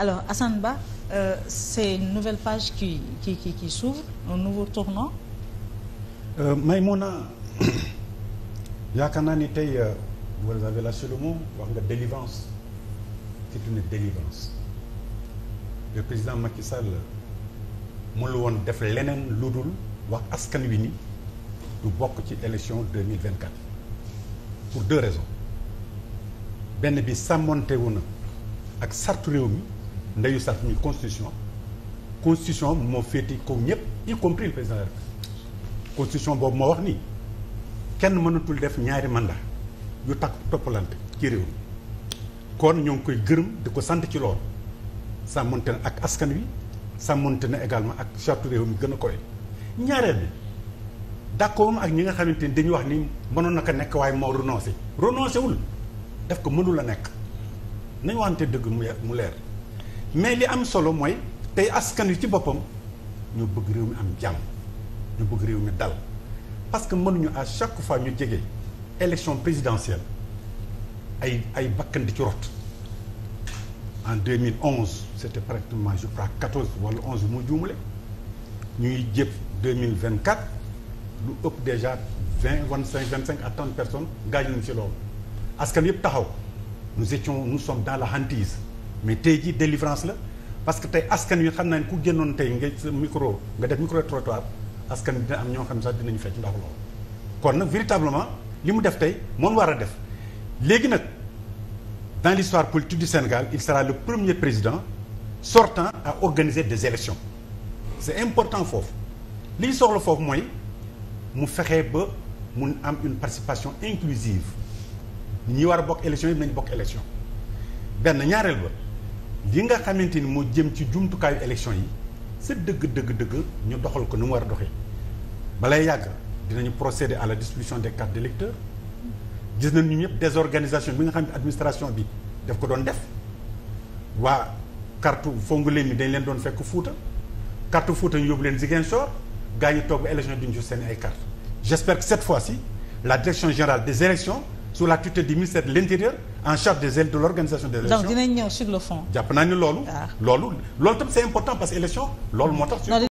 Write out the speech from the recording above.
alors Assane Ba euh, c'est une nouvelle page qui qui qui, qui s'ouvre un nouveau tournant. Euh, Maïmouna yaakaar naa ni tey euh, vous avez lâché le mot wax nga délivrance c'est une délivrance le président Macky Sall mënul woon def leneen lu dul wax askan wi ni du bokk ci élection 2024 pour deux raisons benn bi sàmmoontewu na ak sartu réew mi. ndeyu sax mi constitution constitution moo féete kaw ñëpp y compris le président constitution boobu moo wax nii kenn mënatul def ñaari mandat yu takk toppalante ci réew mi kon ñoo ngi koy gërëm di ko sant ci lool sàmmonte na ak askan wi sàmmonte na également ak charte réew mi gën a koy ñaareel bi d'accord ak ñi nga xamante ni dañuy wax ni mënoon na nekk waaye moo renoncé renoncé wul daf ko mënul a nekk nañu waxante dëgg mu mu leer mais li am solo mooy tey askan wi ci boppam ñu bëgg réew mi am jàmm ñu bëgg réew mi dal parce que mënuñu à chaque fois ñu jege élection présidentielle ay ay bakkan di ci rot en 2011 c'était pratiquement je crois 14 wala 11 mu juumale ñuy jëpp 2024 lu ëpp déjà 20 25 25 à 30 personnes gaañu nañ ci loolu askan yëpp taxaw nous étions nous sommes dans la hantise mais tey jii délivrance la parce que tey askan wi xam naa ne ku génnoon tey nga micro nga def micro trottoir askan wi dina am ñoo xam ne sax dinañu fecc ndax loolu. kon nag véritablement li mu def tey moom war a def léegi nag dans l'histoire politique du Sénégal il sera le premier président sortant à organiser des élections c'est important foofu li ñu soxla foofu mooy mu fexe ba mun am une participation inclusive ñi war a bokk élection yi nañ bokk élection benn ñaareel ba li nga xamante ni moo jëm ci jumtukaayu élection yi sa dëgg dëgg dëgg ñu doxal ko nu mu war a doxee balay yàgg dinañu procéder à la distribution des cartes d'électeurs gis nañu ñëpp désorganisation bi nga xam ne administration bi daf ko doon def waa carte Fongolembi mi dañ leen doon fekk Fuuta carte Fuuta ñu yóbbu leen Ziguinchor gaa ñu toog ba élection duñu jot seen ay carte j'espère que cette fois-ci la direction générale des élections sous la tutelle du ministère en charge des de l'organisation des élections donc dinañ ñëw sur le loolu. Ah. loolu loolu tam c'est important parce que élection loolu moo tax.